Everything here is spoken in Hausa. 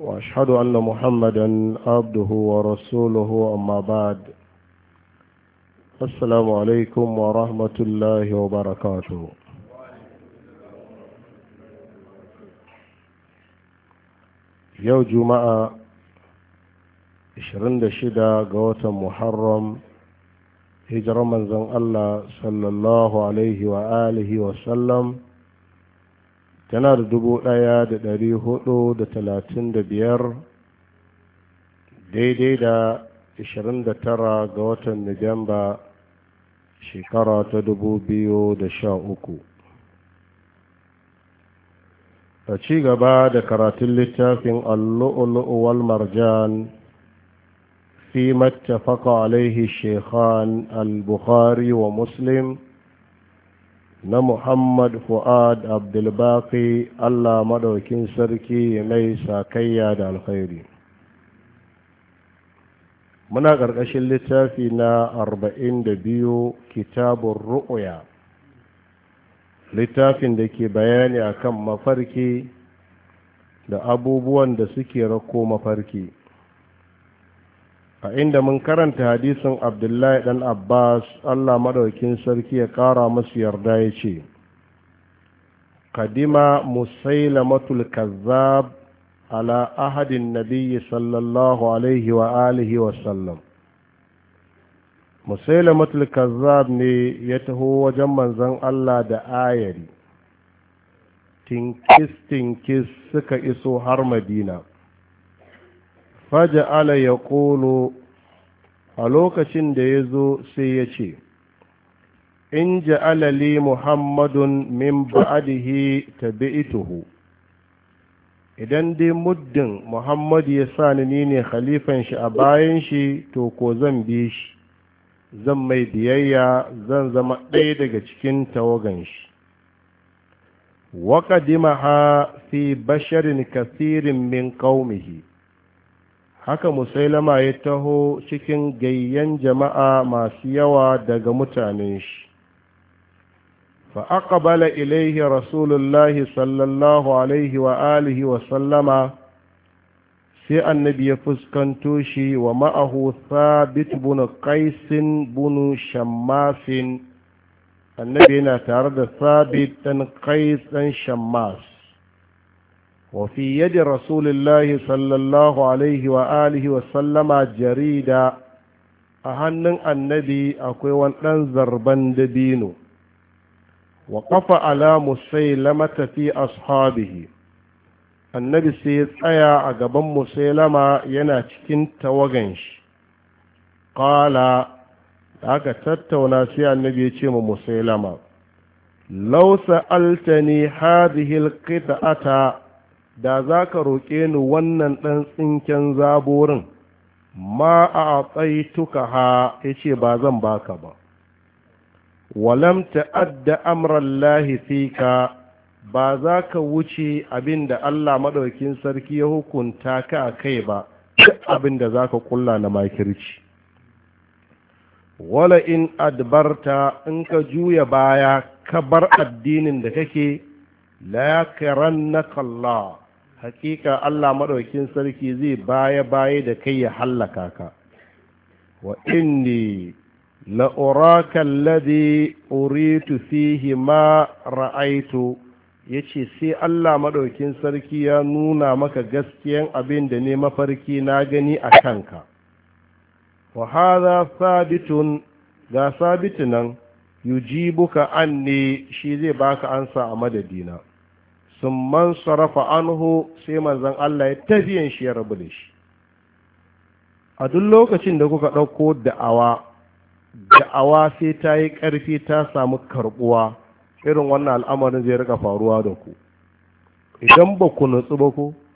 واشهد ان محمدا عبده ورسوله اما بعد السلام عليكم ورحمه الله وبركاته yau juma'a 26 ga watan muharram hijirar manzon allah sallallahu alaihi wa alihi sallam. tana da dubu ɗaya da ɗari hudu da talatin da biyar daidai da ishirin da tara ga watan nijamba shekara ta dubu biyu da sha uku a ci gaba da karatun littafin allu'ulu'u wal marjan fi mattafaka alaihi shekhan al-bukhari wa muslim na Muhammad Fu'ad Abdulbaki Allah maɗaukin sarki mai sakayya da alkhairi. Muna ƙarƙashin littafi na arba'in da biyu kitabun ru'uya, littafin da ke bayani akan mafarki da abubuwan da suke rako mafarki. a inda mun karanta hadisin abdullahi dan abbas allah madaukin sarki ya kara masu yarda ya ce kadima matul kazzab ala ahadin nabiyyi sallallahu alaihi wa alihi wa sallam musailamatul kazzab ne ya taho wajen manzon allah da ayari tinkis tinkis suka iso har madina faja'ala ya ƙolo a lokacin da ya zo sai ya ce in ja'ala li muhammadun min ba'adihi tabi'ituhu idan dai muddin muhammadu ya sa ni ne khalifan shi a bayan shi to ko zan bi shi zan mai biyayya zan zama ɗaya daga cikin tawagan shi waƙadima ha fi basharin kasirin min ƙaumihi haka musailama ya taho cikin gayyan jama'a masu yawa daga mutanen shi fa aqbala ilaihi rasulullahi sallallahu alaihi wa alihi wa sallama sai annabi ya fuskanto shi wa ma'ahu thabit bin qaisin bin shammasin annabi yana tare da thabit dan qais dan shammas وفي يد رسول الله صلى الله عليه وآله وسلم جريدة أهنن النبي أكوي وانتن زربان دبينو وقف على مسيلمة في أصحابه annabi sai ya tsaya a gaban musailama yana cikin tawagan shi ƙala da aka tattauna sai annabi ya ce musailama lausa altani hadihil qita'ata da za ka roƙe ni wannan ɗan tsinken zaborin? ma a tsaituka ha ya ce ba zan baka ba walam ta'adda amran lahi fika ba za ka wuce abin da Allah maɗaukin sarki ya hukunta ka a kai ba abin da za ka kulla na makirci wala in adbarta in ka juya baya ka bar addinin da kake la ya kiran na hakika Allah maɗaukin sarki zai baya-baya da kai ya hallaka ka wa inni la'uraka alladhi uritu fihi ma ra'aitu yace sai Allah maɗaukin sarki ya nuna maka gaskiyan abin da ne mafarki na gani a kanka wa hadha sabitun ga sabitu yujibuka anni shi zai baka ansa a madadina sun man sarrafa anhu sai manzan Allah ya tafiyan shi ya rabu shi a duk lokacin da kuka ɗauko da'awa da'awa sai ta yi ƙarfi ta samu karɓuwa irin wannan al'amarin zai rika faruwa da ku idan ba ku nutsu ba ku